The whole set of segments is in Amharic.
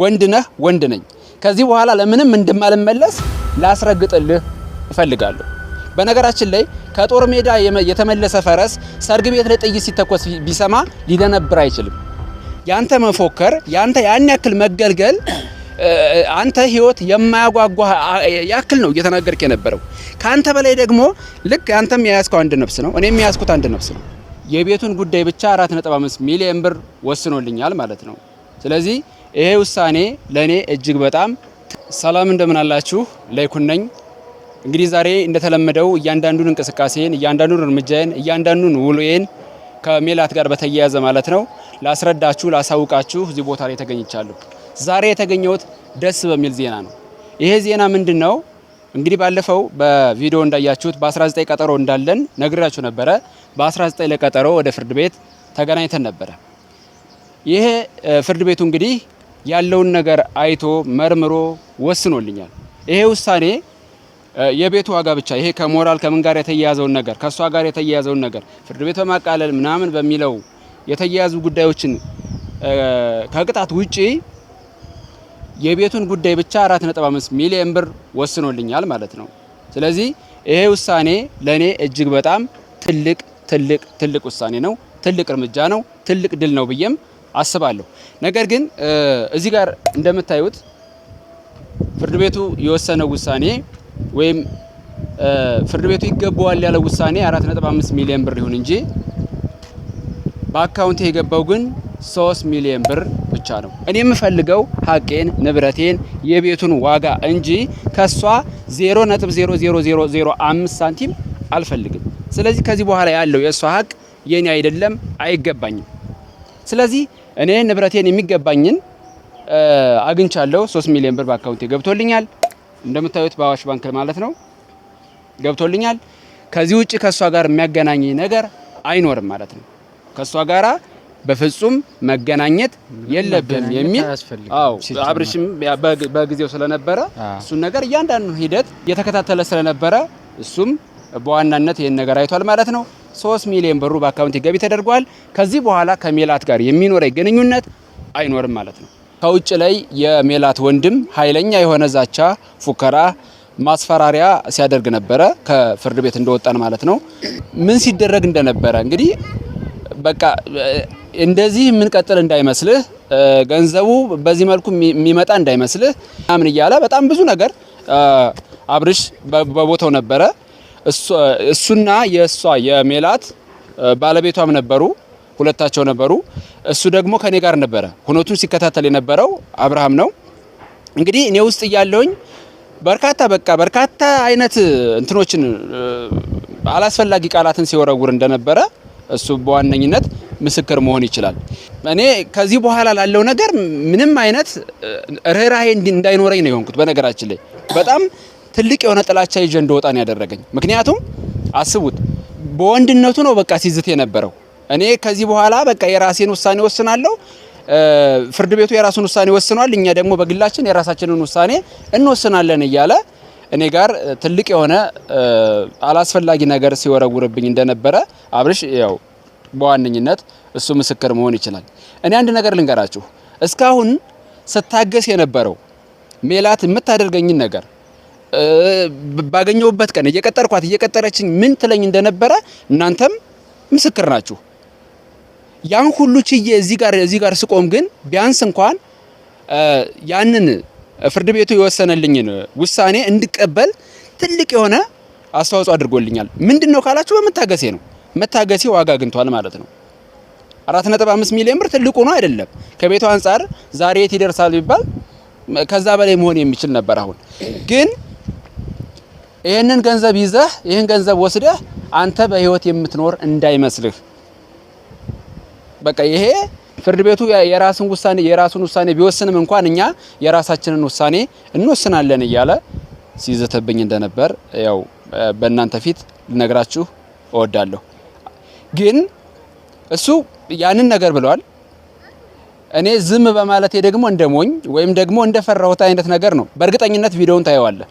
ወንድ ነህ፣ ወንድ ነኝ። ከዚህ በኋላ ለምንም እንደማልመለስ ላስረግጥልህ እፈልጋለሁ። በነገራችን ላይ ከጦር ሜዳ የተመለሰ ፈረስ ሰርግ ቤት ላይ ጥይት ሲተኮስ ቢሰማ ሊደነብር አይችልም። ያንተ መፎከር፣ ያንተ ያን ያክል መገልገል፣ አንተ ህይወት የማያጓጓ ያክል ነው እየተናገርክ የነበረው። ከአንተ በላይ ደግሞ ልክ አንተም የያዝከው አንድ ነፍስ ነው፣ እኔም የያዝኩት አንድ ነፍስ ነው። የቤቱን ጉዳይ ብቻ 4.5 ሚሊዮን ብር ወስኖልኛል ማለት ነው። ስለዚህ ይሄ ውሳኔ ለእኔ እጅግ በጣም ሰላም፣ እንደምን አላችሁ? ላይኩን ነኝ። እንግዲህ ዛሬ እንደተለመደው እያንዳንዱን እንቅስቃሴን፣ እያንዳንዱን እርምጃዬን፣ እያንዳንዱን ውሎዬን ከሜላት ጋር በተያያዘ ማለት ነው ላስረዳችሁ፣ ላሳውቃችሁ እዚህ ቦታ ላይ ተገኝቻለሁ። ዛሬ የተገኘሁት ደስ በሚል ዜና ነው። ይሄ ዜና ምንድን ነው? እንግዲህ ባለፈው በቪዲዮ እንዳያችሁት በ19 ቀጠሮ እንዳለን ነግራችሁ ነበረ። በ19 ለቀጠሮ ወደ ፍርድ ቤት ተገናኝተን ነበረ። ይሄ ፍርድ ቤቱ እንግዲህ ያለውን ነገር አይቶ መርምሮ ወስኖልኛል። ይሄ ውሳኔ የቤቱ ዋጋ ብቻ ይሄ ከሞራል ከምን ጋር የተያያዘውን ነገር ከእሷ ጋር የተያያዘውን ነገር ፍርድ ቤት በማቃለል ምናምን በሚለው የተያያዙ ጉዳዮችን ከቅጣት ውጪ የቤቱን ጉዳይ ብቻ 4.5 ሚሊዮን ብር ወስኖልኛል ማለት ነው። ስለዚህ ይሄ ውሳኔ ለኔ እጅግ በጣም ትልቅ ትልቅ ትልቅ ውሳኔ ነው። ትልቅ እርምጃ ነው። ትልቅ ድል ነው ብዬም አስባለሁ። ነገር ግን እዚህ ጋር እንደምታዩት ፍርድ ቤቱ የወሰነ ውሳኔ ወይም ፍርድ ቤቱ ይገባዋል ያለው ውሳኔ 4.5 ሚሊዮን ብር ይሁን እንጂ በአካውንት የገባው ግን 3 ሚሊዮን ብር ብቻ ነው። እኔ የምፈልገው ሀቄን፣ ንብረቴን፣ የቤቱን ዋጋ እንጂ ከሷ 0.0005 ሳንቲም አልፈልግም። ስለዚህ ከዚህ በኋላ ያለው የእሷ ሀቅ የኔ አይደለም፣ አይገባኝም። ስለዚህ እኔ ንብረቴን የሚገባኝን አግኝቻለሁ። 3 ሚሊዮን ብር በአካውንቴ ገብቶልኛል። እንደምታዩት በአዋሽ ባንክ ማለት ነው ገብቶልኛል። ከዚህ ውጭ ከእሷ ጋር የሚያገናኝ ነገር አይኖርም ማለት ነው። ከእሷ ጋራ በፍጹም መገናኘት የለብም የሚል አዎ፣ አብርሽም በጊዜው ስለነበረ እሱን ነገር እያንዳንዱ ሂደት እየተከታተለ ስለነበረ እሱም በዋናነት ይህን ነገር አይቷል ማለት ነው። ሶስት ሚሊዮን ብሩ በአካውንት ገቢ ተደርጓል። ከዚህ በኋላ ከሜላት ጋር የሚኖረኝ ግንኙነት አይኖርም ማለት ነው። ከውጭ ላይ የሜላት ወንድም ኃይለኛ የሆነ ዛቻ፣ ፉከራ፣ ማስፈራሪያ ሲያደርግ ነበረ ከፍርድ ቤት እንደወጣን ማለት ነው። ምን ሲደረግ እንደነበረ እንግዲህ በቃ እንደዚህ የምንቀጥል እንዳይመስልህ፣ ገንዘቡ በዚህ መልኩ የሚመጣ እንዳይመስልህ ምናምን እያለ በጣም ብዙ ነገር አብርሽ በቦታው ነበረ። እሱና የእሷ የሜላት ባለቤቷም ነበሩ፣ ሁለታቸው ነበሩ። እሱ ደግሞ ከኔ ጋር ነበረ። ሁነቱን ሲከታተል የነበረው አብርሃም ነው። እንግዲህ እኔ ውስጥ እያለውኝ በርካታ በቃ በርካታ አይነት እንትኖችን አላስፈላጊ ቃላትን ሲወረውር እንደነበረ እሱ በዋነኝነት ምስክር መሆን ይችላል። እኔ ከዚህ በኋላ ላለው ነገር ምንም አይነት ርኅራሄ እንዳይኖረኝ ነው የሆንኩት። በነገራችን ላይ በጣም ትልቅ የሆነ ጥላቻ ይዤ እንደወጣ ያደረገኝ። ምክንያቱም አስቡት በወንድነቱ ነው በቃ ሲዝት የነበረው። እኔ ከዚህ በኋላ በቃ የራሴን ውሳኔ ወስናለሁ። ፍርድ ቤቱ የራሱን ውሳኔ ወስኗል፣ እኛ ደግሞ በግላችን የራሳችንን ውሳኔ እንወስናለን እያለ እኔ ጋር ትልቅ የሆነ አላስፈላጊ ነገር ሲወረውርብኝ እንደነበረ አብርሽ ያው በዋነኝነት እሱ ምስክር መሆን ይችላል። እኔ አንድ ነገር ልንገራችሁ፣ እስካሁን ስታገስ የነበረው ሜላት የምታደርገኝን ነገር ባገኘሁበት ቀን እየቀጠርኳት እየቀጠረችኝ ምን ትለኝ እንደነበረ እናንተም ምስክር ናችሁ። ያን ሁሉ ችዬ እዚህ ጋር እዚህ ጋር ስቆም ግን ቢያንስ እንኳን ያንን ፍርድ ቤቱ የወሰነልኝን ውሳኔ እንድቀበል ትልቅ የሆነ አስተዋጽኦ አድርጎልኛል። ምንድን ነው ካላችሁ በመታገሴ ነው። መታገሴ ዋጋ አግኝቷል ማለት ነው። አራት ነጥብ አምስት ሚሊዮን ብር ትልቁ ነው አይደለም። ከቤቱ አንጻር ዛሬ የት ይደርሳል ቢባል ከዛ በላይ መሆን የሚችል ነበር። አሁን ግን ይህንን ገንዘብ ይዘህ ይህን ገንዘብ ወስደህ አንተ በህይወት የምትኖር እንዳይመስልህ። በቃ ይሄ ፍርድ ቤቱ የራስን ውሳኔ የራሱን ውሳኔ ቢወስንም እንኳን እኛ የራሳችንን ውሳኔ እንወስናለን እያለ ሲዘተብኝ እንደነበር ያው በእናንተ ፊት ልነግራችሁ እወዳለሁ። ግን እሱ ያንን ነገር ብለዋል። እኔ ዝም በማለቴ ደግሞ እንደሞኝ ወይም ደግሞ እንደፈራሁት አይነት ነገር ነው። በእርግጠኝነት ቪዲዮውን ታየዋለህ።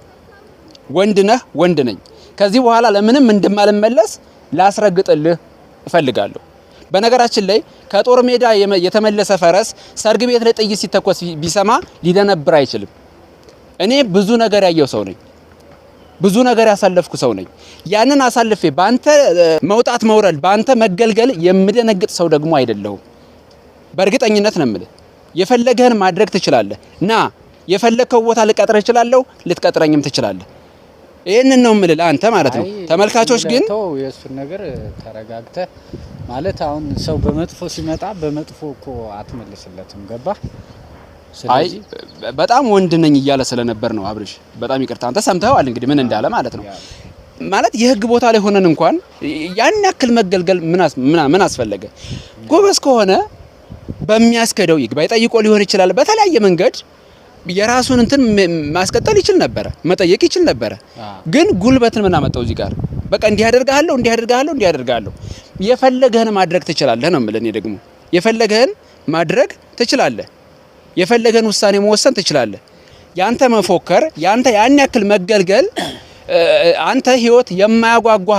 ወንድ ነህ፣ ወንድ ነኝ። ከዚህ በኋላ ለምንም እንደማልመለስ ላስረግጥልህ እፈልጋለሁ። በነገራችን ላይ ከጦር ሜዳ የተመለሰ ፈረስ ሰርግ ቤት ላይ ጥይት ሲተኮስ ቢሰማ ሊደነብር አይችልም። እኔ ብዙ ነገር ያየው ሰው ነኝ። ብዙ ነገር ያሳለፍኩ ሰው ነኝ። ያንን አሳልፌ በአንተ መውጣት መውረድ፣ በአንተ መገልገል የምደነግጥ ሰው ደግሞ አይደለሁም። በእርግጠኝነት ነው የምልህ። የፈለገህን ማድረግ ትችላለህ። ና የፈለግከው ቦታ ልቀጥርህ እችላለሁ፣ ልትቀጥረኝም ትችላለህ። ይህንን ነው የምልል አንተ ማለት ነው። ተመልካቾች ግን የእሱን ነገር ተረጋግተ ማለት አሁን ሰው በመጥፎ ሲመጣ በመጥፎ እኮ አትመልስለትም። ገባ? አይ በጣም ወንድ ነኝ እያለ ስለነበር ነው አብርሽ። በጣም ይቅርታ አንተ ሰምተኸዋል እንግዲህ ምን እንዳለ ማለት ነው። ማለት የህግ ቦታ ላይ ሆነን እንኳን ያን ያክል መገልገል ምን አስፈለገ? ጎበዝ ከሆነ በሚያስከደው ይግባይ ጠይቆ ሊሆን ይችላል በተለያየ መንገድ የራሱን እንትን ማስቀጠል ይችል ነበረ፣ መጠየቅ ይችል ነበረ። ግን ጉልበትን ምን አመጣው እዚህ ጋር? በቃ እንዲያደርጋለሁ እንዲያደርጋለሁ እንዲያደርጋለሁ። የፈለገህን ማድረግ ትችላለህ ነው የምልህ እኔ ደግሞ የፈለገህን ማድረግ ትችላለህ፣ የፈለገህን ውሳኔ መወሰን ትችላለህ። ያንተ መፎከር ያንተ ያን ያክል መገልገል አንተ ህይወት የማያጓጓ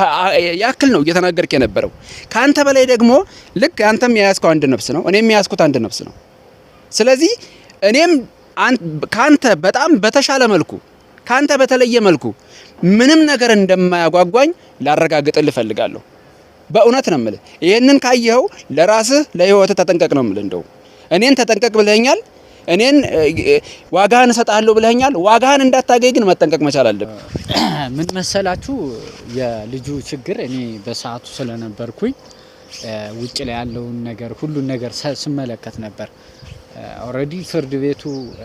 ያክል ነው እየተናገርክ የነበረው። ከአንተ በላይ ደግሞ ልክ አንተም የያዝከው አንድ ነፍስ ነው፣ እኔም የያዝኩት አንድ ነፍስ ነው። ስለዚህ እኔም ካንተ በጣም በተሻለ መልኩ ካንተ በተለየ መልኩ ምንም ነገር እንደማያጓጓኝ ላረጋግጥል እፈልጋለሁ። በእውነት ነው የምልህ። ይህንን ካየኸው ለራስህ ለህይወትህ ተጠንቀቅ ነው የምልህ። እንደው እኔን ተጠንቀቅ ብለኛል፣ እኔን ዋጋህን እሰጥሃለሁ ብለኛል። ዋጋህን እንዳታገኝ ግን መጠንቀቅ መቻል አለብህ። ምን መሰላችሁ የልጁ ችግር፣ እኔ በሰዓቱ ስለነበርኩኝ ውጭ ላይ ያለውን ነገር ሁሉን ነገር ስመለከት ነበር። ኦልሬዲ uh, ፍርድ ቤቱ uh,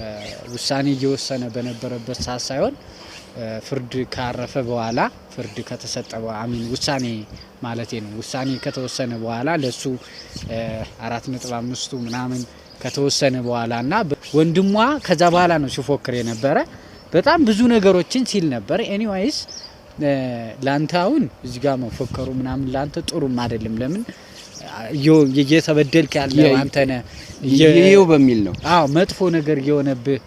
ውሳኔ እየወሰነ በነበረበት ሰዓት ሳይሆን uh, ፍርድ ካረፈ በኋላ ፍርድ ከተሰጠ አሚን ውሳኔ ማለት ነው። ውሳኔ ከተወሰነ በኋላ ለሱ አራት ነጥብ አምስቱ ምናምን ከተወሰነ በኋላ እና ወንድሟ ከዛ በኋላ ነው ሲፎክር የነበረ በጣም ብዙ ነገሮችን ሲል ነበር። ኤኒዋይስ ላንተ አሁን እዚጋ መፎከሩ ምናምን ላንተ ጥሩም አይደለም። ለምን እየተበደልክ ያለው አንተ ነህ። ይኸው በሚል ነው። አዎ መጥፎ ነገር እየሆነብህ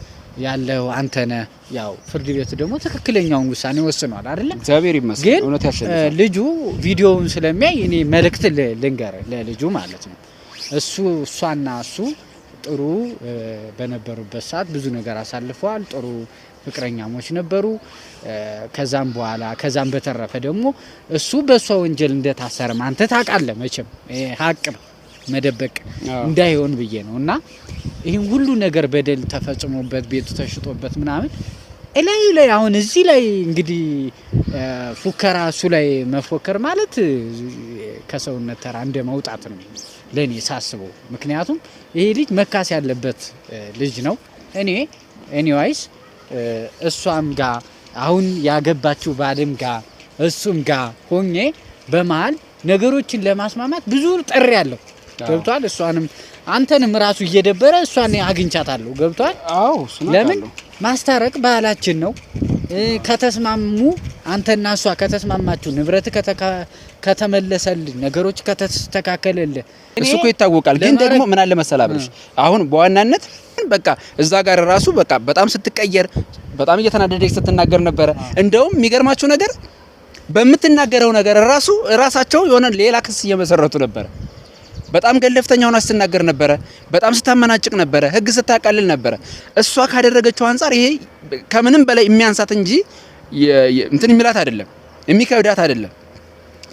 ያለው አንተ ነህ። ያው ፍርድ ቤት ደግሞ ትክክለኛውን ውሳኔ ወስኗል አይደለ? እግዚአብሔር ይመስገን። እውነት ያሸንፋል። ልጁ ቪዲዮውን ስለሚያይ እኔ መልእክት ልንገር ለልጁ ማለት ነው። እሱ እሷና እሱ ጥሩ በነበሩበት ሰዓት ብዙ ነገር አሳልፈዋል። ጥሩ ፍቅረኛሞች ነበሩ። ከዛም በኋላ ከዛም በተረፈ ደግሞ እሱ በእሷ ወንጀል እንደታሰረም አንተ ታውቃለህ መቼም ሀቅ መደበቅ እንዳይሆን ብዬ ነው። እና ይህን ሁሉ ነገር በደል ተፈጽሞበት ቤቱ ተሽጦበት ምናምን እላዩ ላይ አሁን እዚህ ላይ እንግዲህ ፉከራ እሱ ላይ መፎከር ማለት ከሰውነት ተራ እንደ መውጣት ነው ለእኔ ሳስበው። ምክንያቱም ይሄ ልጅ መካስ ያለበት ልጅ ነው። እኔ ኤኒዋይስ እሷም ጋ አሁን ያገባችው ባልም ጋ እሱም ጋር ሆኜ በመሀል ነገሮችን ለማስማማት ብዙ ጥሪ አለው ገብቷል። እሷንም አንተንም ራሱ እየደበረ እሷን አግኝቻታለሁ። ገብቷል። ለምን ማስታረቅ ባህላችን ነው። ከተስማሙ አንተና እሷ ከተስማማችሁ፣ ንብረት ከተመለሰልን ነገሮች ከተስተካከለልን እሱ እኮ ይታወቃል። ግን ደግሞ ምን አለ መሰላብሽ አሁን በዋናነት ግን በቃ እዛ ጋር ራሱ በቃ በጣም ስትቀየር በጣም እየተናደደች ስትናገር ነበረ። እንደውም የሚገርማችሁ ነገር በምትናገረው ነገር ራሱ ራሳቸው የሆነ ሌላ ክስ እየመሰረቱ ነበረ። በጣም ገለፍተኛ ሆና ስትናገር ነበረ። በጣም ስታመናጭቅ ነበረ። ህግ ስታቃልል ነበረ። እሷ ካደረገችው አንጻር ይሄ ከምንም በላይ የሚያንሳት እንጂ እንትን የሚላት አይደለም፣ የሚከብዳት አይደለም።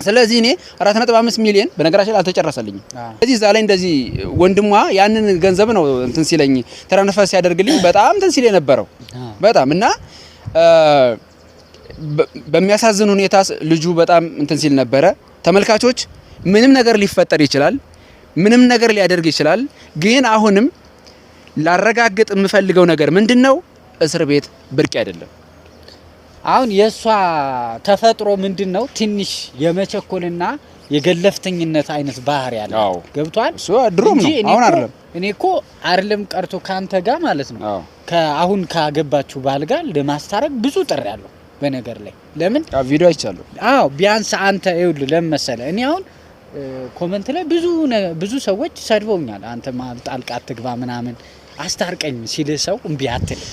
ስለዚህ እኔ 4.5 ሚሊዮን በነገራችን ላይ አልተጨረሰልኝም። ስለዚህ እዛ ላይ እንደዚህ ወንድሟ ያንን ገንዘብ ነው እንትን ሲለኝ ትራንስፈር ሲያደርግልኝ በጣም እንትን ሲል የነበረው በጣም እና በሚያሳዝን ሁኔታ ልጁ በጣም እንትን ሲል ነበረ። ተመልካቾች ምንም ነገር ሊፈጠር ይችላል፣ ምንም ነገር ሊያደርግ ይችላል። ግን አሁንም ላረጋግጥ የምፈልገው ነገር ምንድን ነው፣ እስር ቤት ብርቅ አይደለም። አሁን የእሷ ተፈጥሮ ምንድን ነው? ትንሽ የመቸኮልና የገለፍተኝነት አይነት ባህሪ ያለ ገብቷል። ድሮም ነው አሁን አይደለም። እኔ እኮ አይደለም ቀርቶ ከአንተ ጋር ማለት ነው ከአሁን ካገባችሁ ባል ጋር ለማስታረቅ ብዙ ጥሪ ያለው በነገር ላይ ለምን ቪዲዮ አይቻለሁ። አዎ ቢያንስ አንተ ይኸውልህ ለምን መሰለህ እኔ አሁን ኮመንት ላይ ብዙ ብዙ ሰዎች ሰድበውኛል። አንተ ጣልቃ ትግባ ምናምን አስታርቀኝ ሲል ሰው እምቢ አትልም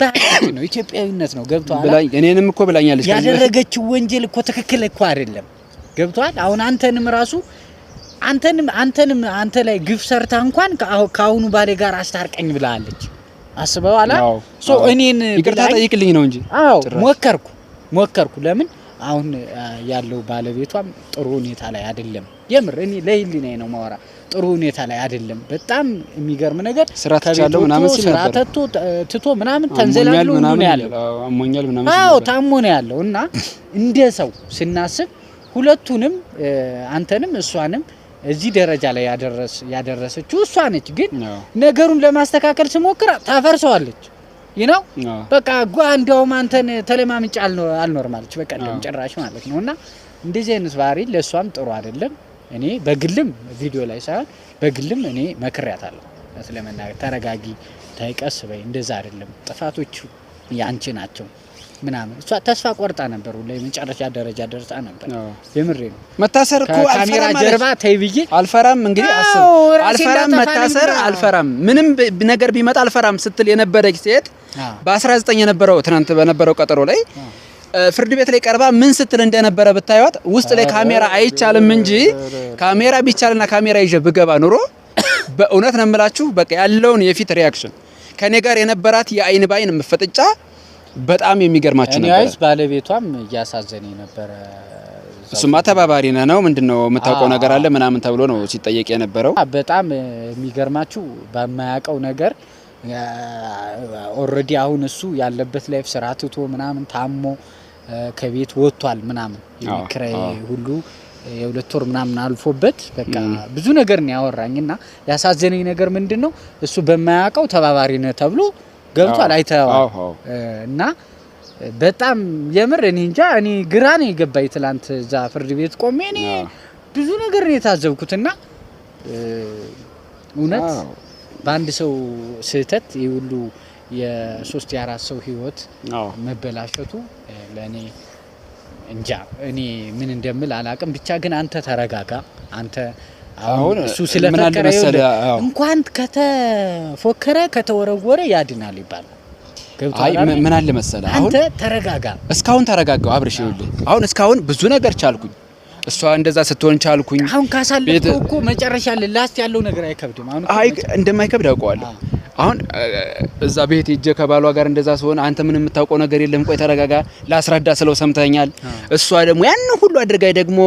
ባህል ነው፣ ኢትዮጵያዊነት ነው። ገብቷል። እኔንም እኮ ብላኛለች። ያደረገችው ወንጀል እኮ ትክክል እኮ አይደለም። ገብቷል። አሁን አንተንም ራሱ አንተንም አንተንም አንተ ላይ ግፍ ሰርታ እንኳን ከአሁኑ ባሌ ጋር አስታርቀኝ ብላለች። አስበዋላ ሶ እኔን ይቅርታ ጠይቅልኝ ነው እንጂ አዎ ሞከርኩ ሞከርኩ። ለምን አሁን ያለው ባለቤቷም ጥሩ ሁኔታ ላይ አይደለም። የምር እኔ ለህሊናዬ ነው ማወራ ጥሩ ሁኔታ ላይ አይደለም። በጣም የሚገርም ነገር ስራ ተቻለው ምናምን ሲል ስራ ተቶ ትቶ ምናምን ተንዘላሉ ነው ያለው። አሞኛል ምናምን አዎ፣ ታሞ ነው ያለው። እና እንደ ሰው ስናስብ ሁለቱንም አንተንም እሷንም እዚህ ደረጃ ላይ ያደረስ ያደረሰችው እሷ ነች። ግን ነገሩን ለማስተካከል ስሞክር ታፈርሰዋለች። ይነው በቃ ጓ እንዲያውም አንተን ተለማምጭ አልኖር ማለች በቀደም ጭራሽ ማለት ነው። እና እንደዚህ አይነት ባህሪ ለእሷም ጥሩ አይደለም። እኔ በግልም ቪዲዮ ላይ ሳይሆን በግልም እኔ መክሪያታለሁ። ስለመናገር ተረጋጊ፣ ታይቀስ በይ፣ እንደዛ አይደለም ጥፋቶቹ ያንቺ ናቸው ምናምን እሷ ተስፋ ቆርጣ ነበር። ላይ መጨረሻ ደረጃ ደርሳ ነበር። የምሬ ነው። መታሰር እኮ ካሜራ ጀርባ ተይ ብዬ አልፈራም። እንግዲህ አስብ፣ አልፈራም፣ መታሰር አልፈራም፣ ምንም ነገር ቢመጣ አልፈራም ስትል የነበረች ሴት በ19 የነበረው ትናንት በነበረው ቀጠሮ ላይ ፍርድ ቤት ላይ ቀርባ ምን ስትል እንደነበረ ብታዩት፣ ውስጥ ላይ ካሜራ አይቻልም እንጂ ካሜራ ቢቻልና ካሜራ ይዤ ብገባ ኑሮ በእውነት ነው የምላችሁ፣ በቃ ያለውን የፊት ሪያክሽን ከኔ ጋር የነበራት የአይን ባይን መፈጠጫ በጣም የሚገርማችሁ ነበር። አይስ ባለቤቷም እያሳዘነ ነበረ። እሱማ ተባባሪ ነ ነው ምንድነው የምታውቀው ነገር አለ ምናምን ተብሎ ነው ሲጠየቅ የነበረው። በጣም የሚገርማችሁ በማያውቀው ነገር ኦልሬዲ አሁን እሱ ያለበት ላይፍ ስራ ትቶ ምናምን ታሞ ከቤት ወጥቷል ምናምን የኪራይ ሁሉ የሁለት ወር ምናምን አልፎበት በቃ ብዙ ነገር ነው ያወራኝ። እና ያሳዘነኝ ነገር ምንድን ነው እሱ በማያውቀው ተባባሪ ነህ ተብሎ ገብቷል። አይተዋል እና በጣም የምር እኔ እንጃ እኔ ግራ ነው የገባኝ። ትላንት እዛ ፍርድ ቤት ቆሜ እኔ ብዙ ነገር ነው የታዘብኩት። እና እውነት በአንድ ሰው ስህተት ይህ ሁሉ የሶስት የአራት ሰው ህይወት መበላሸቱ ለእኔ እንጃ እኔ ምን እንደምል አላቅም። ብቻ ግን አንተ ተረጋጋ። አንተ አሁን እሱ ስለፈቀረ እንኳን ከተፎከረ ከተወረወረ ያድናል ይባላል። አይ ምን አለ መሰለህ፣ አሁን ተረጋጋ። እስካሁን ተረጋጋው አብርሽ። ይኸውልህ አሁን እስካሁን ብዙ ነገር ቻልኩኝ፣ እሷ እንደዛ ስትሆን ቻልኩኝ። አሁን ካሳለፍኩ እኮ መጨረሻ ላይ ላስት ያለው ነገር አይከብድም። አሁን አይ እንደማይከብድ አውቀዋለሁ አሁን እዛ ቤት ሄጄ ከባሏ ጋር እንደዛ ሲሆን አንተ ምን የምታውቀው ነገር የለም፣ ቆይ ተረጋጋ፣ ላስረዳ ስለው ሰምተኛል። እሷ ደግሞ ያን ሁሉ አድርጋይ ደግሞ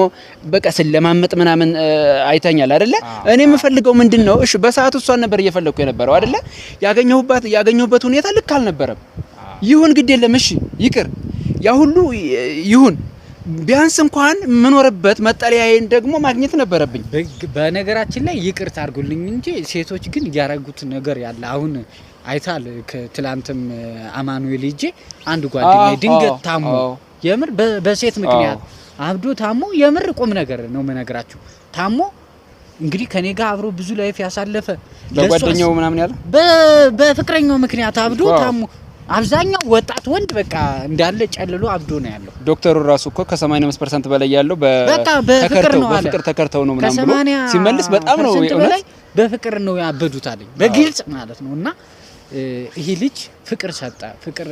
በቃ ስለማመጥ ምናምን አይተኛል አይደለ? እኔ የምፈልገው ምንድን ነው? እሺ በሰዓቱ እሷን ነበር እየፈለግኩ የነበረው አይደለ? ያገኘሁባት ያገኘሁበት ሁኔታ ልክ አልነበረም። ይሁን ግድ የለም እሺ፣ ይቅር፣ ያ ሁሉ ይሁን ቢያንስ እንኳን የምኖርበት መጠለያዬን ደግሞ ማግኘት ነበረብኝ። በነገራችን ላይ ይቅርታ አድርጉልኝ እንጂ ሴቶች ግን ያረጉት ነገር ያለ አሁን አይታል። ትላንትም አማኑኤል ሂጄ አንድ ጓደኛ ድንገት ታሞ የምር በሴት ምክንያት አብዶ ታሞ የምር ቁም ነገር ነው መነግራችሁ ታሞ እንግዲህ ከኔ ጋር አብሮ ብዙ ላይፍ ያሳለፈ በጓደኛው ምናምን ያለ በፍቅረኛው ምክንያት አብዶ ታሞ አብዛኛው ወጣት ወንድ በቃ እንዳለ ጨልሎ አብዶ ነው ያለው። ዶክተሩ ራሱ እኮ ከ85 ፐርሰንት በላይ ያለው በፍቅር ነው በፍቅር ተከርተው ነው ምናምን ብሎ ሲመልስ በጣም ነው በላይ በፍቅር ነው ያበዱት አለኝ በግልጽ ማለት ነው። እና ይሄ ልጅ ፍቅር ሰጠ ፍቅር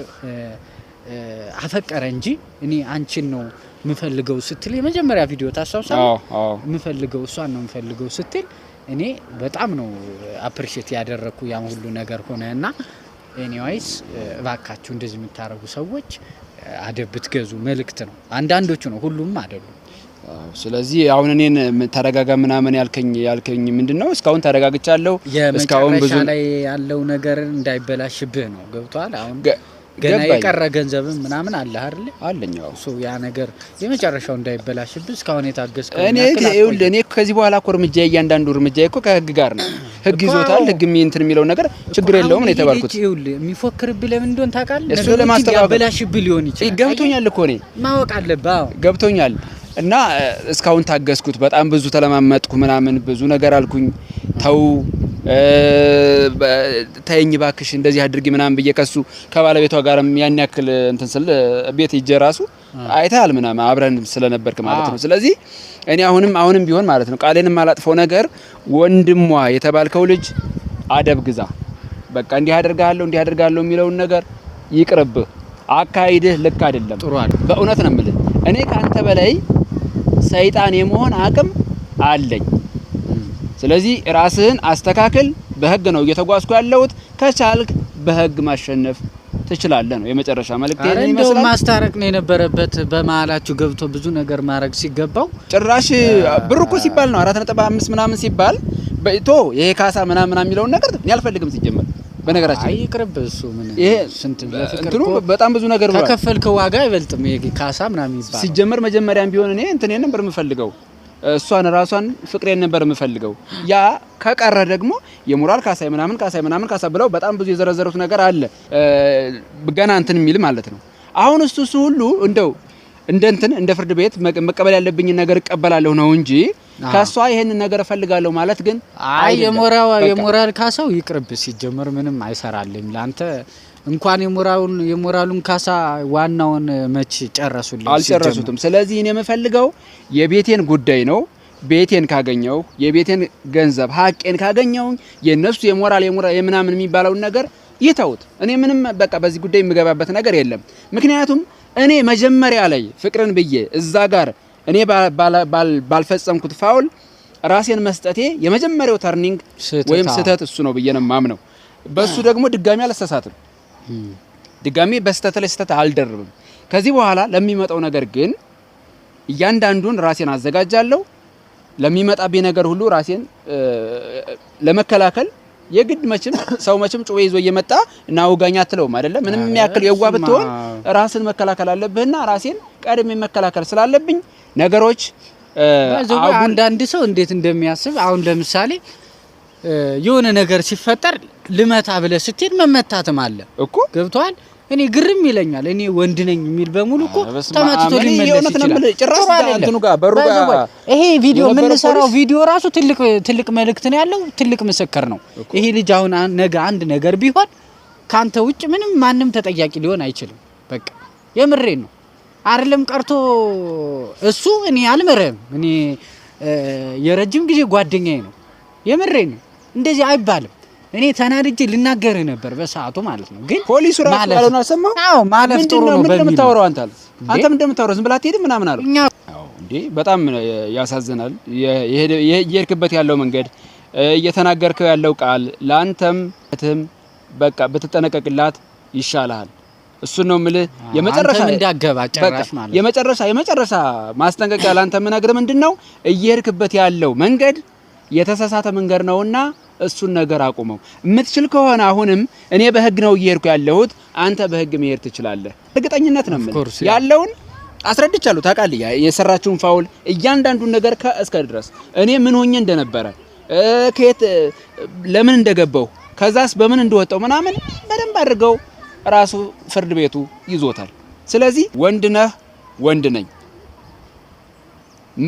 አፈቀረ እንጂ እኔ አንቺን ነው የምፈልገው ስትል የመጀመሪያ ቪዲዮ ታስታውሳለህ? የምፈልገው እሷን ነው የምፈልገው ስትል እኔ በጣም ነው አፕሪሼት ያደረግኩ ያም ሁሉ ነገር ሆነ እና ኤኒዌይስ እባካችሁ እንደዚህ የምታደርጉ ሰዎች አደብ ብትገዙ መልእክት ነው። አንዳንዶቹ ነው፣ ሁሉም አይደሉም። ስለዚህ አሁን እኔን ተረጋጋ ምናምን ያልከኝ ያልከኝ ምንድን ነው? እስካሁን ተረጋግቻለሁ። እስካሁን ብዙ ላይ ያለው ነገር እንዳይበላሽብህ ነው። ገብቷል አሁን ገና የቀረ ገንዘብም ምናምን አለ አይደል? አለኛው እሱ ያ ነገር የመጨረሻው እንዳይበላሽብ እስካሁን የታገስከው እኔ እኔ ከዚህ በኋላ እኮ እርምጃ እያንዳንዱ እርምጃ እኮ ከህግ ጋር ነው። ህግ ይዞታል። ህግ እንትን የሚለው ነገር ችግር የለውም ነው የተባልኩት። ይኸውልህ፣ የሚፎክርብህ ለምን እንደሆነ ታውቃለህ። እሱ ለማስተባበል ያበላሽብህ ሊሆን ይችላል። ገብቶኛል እኮ እኔ ማወቅ አለብህ። አዎ ገብቶኛል። እና እስካሁን ታገስኩት፣ በጣም ብዙ ተለማመጥኩ፣ ምናምን ብዙ ነገር አልኩኝ። ተው ተይኝ ባክሽ እንደዚህ አድርጊ ምናምን ብዬ ከሱ ከባለቤቷ ጋርም ያን ያክል እንትን ስል ቤት ይጀራሱ ራሱ አይተሃል ምናምን አብረን ስለነበርክ ማለት ነው። ስለዚህ እኔ አሁንም አሁንም ቢሆን ማለት ነው ቃሌንም አላጥፈው ነገር ወንድሟ የተባልከው ልጅ አደብ ግዛ። በቃ እንዲህ አደርጋለሁ እንዲህ አደርጋለሁ የሚለውን ነገር ይቅርብህ። አካሂድህ ልክ አይደለም። በእውነት ነው የምልህ እኔ ከአንተ በላይ ሰይጣን የመሆን አቅም አለኝ። ስለዚህ ራስህን አስተካክል። በህግ ነው እየተጓዝኩ ያለሁት። ከቻልክ በህግ ማሸነፍ ትችላለ ነው የመጨረሻ መልእክት። ይሄን ይመስላል። ማስታረቅ ነው የነበረበት። በመሀላችሁ ገብቶ ብዙ ነገር ማድረግ ሲገባው ጭራሽ ብር እኮ ሲባል ነው 4.5 ምናምን ሲባል በእቶ ይሄ ካሳ ምናምን የሚለውን ነገር እኔ አልፈልግም ሲጀመር በነገራችን ይቅርብ። እሱ ምን ይሄ ስንት እንትኑ በጣም ብዙ ነገር ብሏል። ከከፈልከው ዋጋ አይበልጥም ይሄ ካሳ ምናምን ይባላል። ሲጀመር መጀመሪያም ቢሆን እኔ እንትኔን ነበር የምፈልገው እሷን ራሷን ፍቅሬን ነበር የምፈልገው። ያ ከቀረ ደግሞ የሞራል ካሳ ምናምን ካሳ ምናምን ካሳ ብለው በጣም ብዙ የዘረዘሩት ነገር አለ ገና እንትን የሚል ማለት ነው። አሁን እሱ እሱ ሁሉ እንደው እንደ እንደ ፍርድ ቤት መቀበል ያለብኝ ነገር እቀበላለሁ ነው እንጂ ከሷ ይሄን ነገር እፈልጋለሁ ማለት ግን አይ የሞራል ካሳው ይቅርብ። ሲጀመር ምንም አይሰራልኝ ለአንተ እንኳን የሞራሉን የሞራሉን ካሳ ዋናውን መች ጨረሱልኝ? አልጨረሱትም። ስለዚህ እኔ የምፈልገው የቤቴን ጉዳይ ነው። ቤቴን ካገኘው የቤቴን ገንዘብ ሀቄን ካገኘው የነሱ የሞራል የሞራል የምናምን የሚባለውን ነገር ይተውት። እኔ ምንም በቃ በዚህ ጉዳይ የምገባበት ነገር የለም ምክንያቱም እኔ መጀመሪያ ላይ ፍቅርን ብዬ እዛ ጋር እኔ ባልፈጸምኩት ፋውል ራሴን መስጠቴ የመጀመሪያው ተርኒንግ ወይም ስህተት እሱ ነው ብዬ ነው የማምነው። በእሱ ደግሞ ድጋሚ አልሳሳትም፣ ድጋሚ በስህተት ላይ ስህተት አልደርብም። ከዚህ በኋላ ለሚመጣው ነገር ግን እያንዳንዱን ራሴን አዘጋጃለሁ። ለሚመጣብኝ ነገር ሁሉ ራሴን ለመከላከል የግድ መቼም ሰው መቼም ጩቤ ይዞ እየመጣ እና አውጋኝ አትለውም አይደለም። ምንም የሚያክል የዋ ብትሆን ራስን መከላከል አለብህና ራሴን ቀድሜ መከላከል ስላለብኝ ነገሮች አንዳንድ ሰው እንዴት እንደሚያስብ አሁን ለምሳሌ የሆነ ነገር ሲፈጠር ልመታ ብለህ ስትሄድ መመታትም አለ እኮ ገብቷል። እኔ ግርም ይለኛል። እኔ ወንድ ነኝ የሚል በሙሉ እኮ ተመትቶ ይሄ ቪዲዮ የምንሰራው ቪዲዮ ራሱ ትልቅ ትልቅ መልእክት ነው ያለው፣ ትልቅ ምስክር ነው። ይሄ ልጅ አሁን ነገ አንድ ነገር ቢሆን ካንተ ውጭ ምንም ማንም ተጠያቂ ሊሆን አይችልም። በቃ የምሬ ነው። አይደለም ቀርቶ እሱ እኔ አልመረህም። እኔ የረጅም ጊዜ ጓደኛዬ ነው። የምሬ ነው። እንደዚህ አይባልም። እኔ ተናድጄ ልናገር ነበር በሰዓቱ ማለት ነው። ግን ፖሊሱ ራሱ ያለውን አልሰማሁም። አዎ ማለት ጥሩ ነው በሚል እንደምታወራው አንተ አለ አንተም እንደምታወራው ዝም ብላ አትሄድም ምናምን አለ። አዎ እንዴ በጣም ያሳዝናል። እየሄድክበት ያለው መንገድ እየተናገርከው ያለው ቃል ለአንተም እህትም በቃ ብትጠነቀቅላት ይሻላል። እሱ ነው የምልህ። የመጨረሻ እንዳገባ ጨራሽ ማለት የመጨረሻ የመጨረሻ ማስጠንቀቂያ ላንተ የምነግርህ ምንድን ነው እየሄድክበት ያለው መንገድ የተሳሳተ መንገድ ነውና እሱን ነገር አቁመው። የምትችል ከሆነ አሁንም እኔ በህግ ነው እየሄድኩ ያለሁት፣ አንተ በህግ መሄድ ትችላለህ። እርግጠኝነት ነው የምልህ ያለውን አስረድቻለሁ። ታውቃለህ የሰራችውን ፋውል እያንዳንዱን ነገር ከእስከ ድረስ እኔ ምን ሆኜ እንደነበረ ከየት ለምን እንደገባው ከዛስ በምን እንደወጣው ምናምን በደንብ አድርገው ራሱ ፍርድ ቤቱ ይዞታል። ስለዚህ ወንድ ነህ ወንድ ነኝ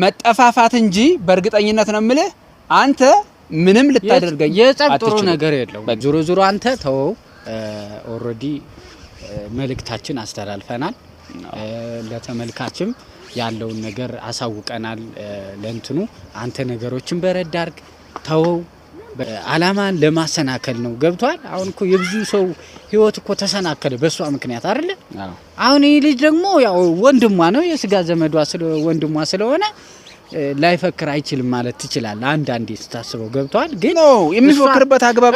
መጠፋፋት እንጂ በእርግጠኝነት ነው የምልህ አንተ ምንም ልታደርገኝ የጸብ ጥሩ ነገር የለውም። ዞሮ ዞሮ አንተ ተወው። ኦልሬዲ መልእክታችን አስተላልፈናል። ለተመልካችም ያለውን ነገር አሳውቀናል። ለእንትኑ አንተ ነገሮችን በረድ አድርግ። ተወው። አላማን ለማሰናከል ነው። ገብቷል። አሁን እኮ የብዙ ሰው ህይወት እኮ ተሰናከለ በእሷ ምክንያት አይደለ? አሁን ይህ ልጅ ደግሞ ያው ወንድሟ ነው የስጋ ዘመዷ ወንድሟ ስለሆነ ላይፈክር አይችልም ማለት ትችላለህ። አንዳንዴ ስታስበው ገብተዋል። ግን ነው የሚፎክርበት አግባብ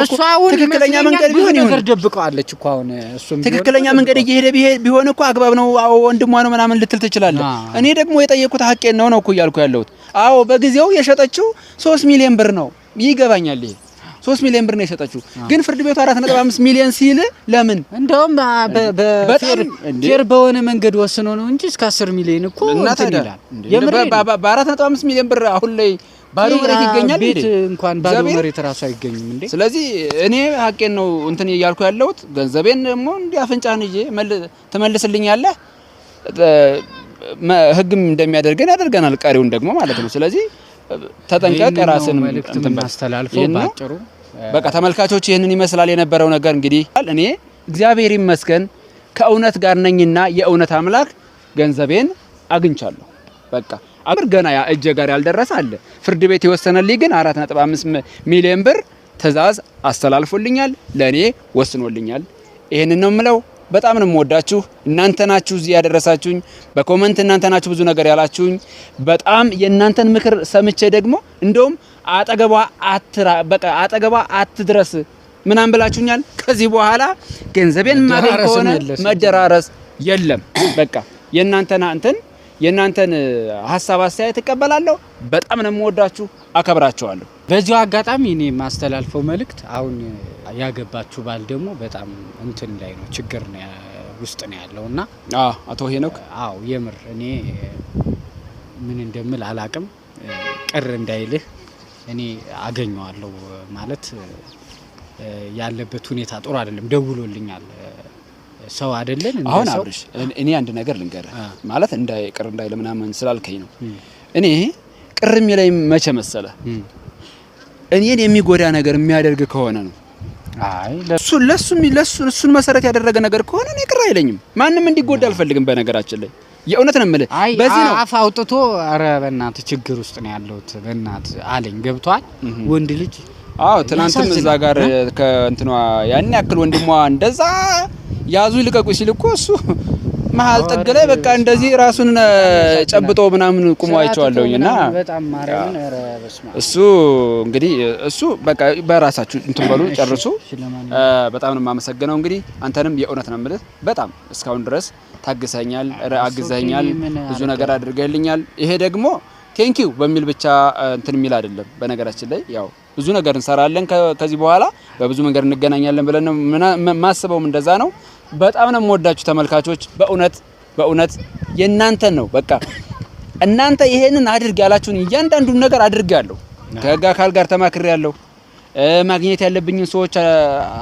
ትክክለኛ መንገድ ቢሆን ነገር ደብቀዋለች እኮ አሁን እሱም ትክክለኛ መንገድ እየሄደ ቢሆን እኮ አግባብ ነው። አዎ ወንድሟ ነው ምናምን ልትል ትችላለህ። እኔ ደግሞ የጠየቁት ሀቄን ነው ነው እኮ እያልኩ ያለሁት። አዎ በጊዜው የሸጠችው ሶስት ሚሊዮን ብር ነው ይገባኛል ይሄ ሶስት ሚሊዮን ብር ነው የሰጠችው። ግን ፍርድ ቤቱ አራት ነጥብ አምስት ሚሊዮን ሲል ለምን እንደውም ፌር በሆነ መንገድ ወስኖ ነው እንጂ እስከ አስር ሚሊዮን እኮ እንትን ይላል። በአራት ነጥብ አምስት ሚሊዮን ብር አሁን ላይ ባዶ መሬት ይገኛል። ቤት እንኳን ባዶ መሬት ራሱ አይገኝም እንዴ! ስለዚህ እኔ ሀቄን ነው እንትን እያልኩ ያለሁት። ገንዘቤን ደግሞ እንዲህ አፍንጫህን ይዤ ትመልስልኛለህ። ህግም እንደሚያደርገን ያደርገናል። ቀሪውን ደግሞ ማለት ነው። ስለዚህ ተጠንቀቅ። ራስን ማስተላልፈው ባጭሩ በቃ ተመልካቾች ይህንን ይመስላል የነበረው ነገር። እንግዲህ እኔ እግዚአብሔር ይመስገን ከእውነት ጋር ነኝና የእውነት አምላክ ገንዘቤን አግኝቻለሁ። በቃ አብር ገና ያ እጀ ጋር ያልደረሰ አለ። ፍርድ ቤት የወሰነልኝ ግን 4.5 ሚሊዮን ብር ትዕዛዝ አስተላልፎልኛል፣ ለእኔ ወስኖልኛል። ይህንን ነው የምለው። በጣም ነው የምወዳችሁ። እናንተ ናችሁ እዚህ ያደረሳችሁኝ። በኮመንት እናንተ ናችሁ ብዙ ነገር ያላችሁኝ። በጣም የእናንተን ምክር ሰምቼ ደግሞ እንደውም አጠገቧ አትራ በቃ አጠገቧ አትድረስ ምናምን ብላችሁኛል። ከዚህ በኋላ ገንዘቤን ማገኝ ከሆነ መደራረስ የለም። በቃ የእናንተና እንትን የእናንተን ሀሳብ አስተያየት እቀበላለሁ። በጣም ነው የምወዳችሁ፣ አከብራችኋለሁ። በዚሁ አጋጣሚ እኔ የማስተላልፈው መልእክት አሁን ያገባችሁ ባል ደግሞ በጣም እንትን ላይ ነው ችግር ውስጥ ነው ያለው እና አቶ ሄኖክ አዎ የምር እኔ ምን እንደምል አላቅም ቅር እንዳይልህ እኔ አገኘዋለሁ ማለት ያለበት ሁኔታ ጥሩ አይደለም። ደውሎልኛል። ሰው አይደለን አሁን አብርሽ፣ እኔ አንድ ነገር ልንገር ማለት እንዳይ ቅር እንዳይ ለምናምን ስላልከኝ ነው። እኔ ቅርም ላይ መቼ መሰለ እኔን የሚጎዳ ነገር የሚያደርግ ከሆነ ነው። አይ ለሱ ለሱ እሱን መሰረት ያደረገ ነገር ከሆነ እኔ ቅር አይለኝም። ማንም እንዲጎዳ አልፈልግም። በነገራችን ላይ የእውነት ነው የምልህ። በዚህ ነው አፍ አውጥቶ ኧረ በእናት ችግር ውስጥ ነው ያለሁት በእናት አለኝ። ገብቷል ወንድ ልጅ አዎ ትናንትም እዛ ጋር ከእንትኗ ያን ያክል ወንድሟ እንደዛ ያዙ ይልቀቁ ሲል እኮ እሱ መሀል ጥግ ላይ በቃ እንደዚህ ራሱን ጨብጦ ምናምን ቁሞ አይቼዋለሁኝ እና እሱ እንግዲህ እሱ በቃ በራሳችሁ እንትን በሉ ጨርሱ። በጣም ነው የማመሰግነው። እንግዲህ አንተንም የእውነት ነው የምልህ በጣም እስካሁን ድረስ ታግሰኛል፣ አግዘኛል፣ ብዙ ነገር አድርገልኛል። ይሄ ደግሞ ቴንኪው በሚል ብቻ እንትን የሚል አይደለም። በነገራችን ላይ ያው ብዙ ነገር እንሰራለን ከዚህ በኋላ በብዙ መንገድ እንገናኛለን ብለን ማስበውም እንደዛ ነው። በጣም ነው የምወዳችሁ ተመልካቾች፣ በእውነት በእውነት የእናንተን ነው በቃ እናንተ ይሄንን አድርግ ያላችሁን እያንዳንዱን ነገር አድርጋለሁ። ከህግ አካል ጋር ተማክሬያለሁ። ማግኘት ያለብኝን ሰዎች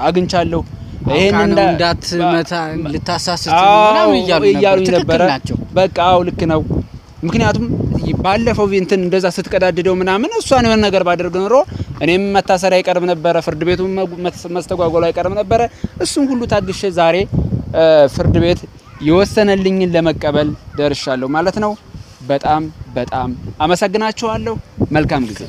አግኝቻለሁ። ይሄንን እንዳትመታ ልታሳስት ነበረ። በቃ አዎ ልክ ነው። ምክንያቱም ባለፈው እንትን እንደዛ ስትቀዳድደው ምናምን እሷን የሆነ ነገር ባደርግ ኖሮ እኔም መታሰሪያ አይቀርም ነበረ፣ ፍርድ ቤቱ መስተጓጎሉ አይቀርም ነበረ። እሱም ሁሉ ታግሼ ዛሬ ፍርድ ቤት የወሰነልኝን ለመቀበል ደርሻለሁ ማለት ነው። በጣም በጣም አመሰግናችኋለሁ። መልካም ጊዜ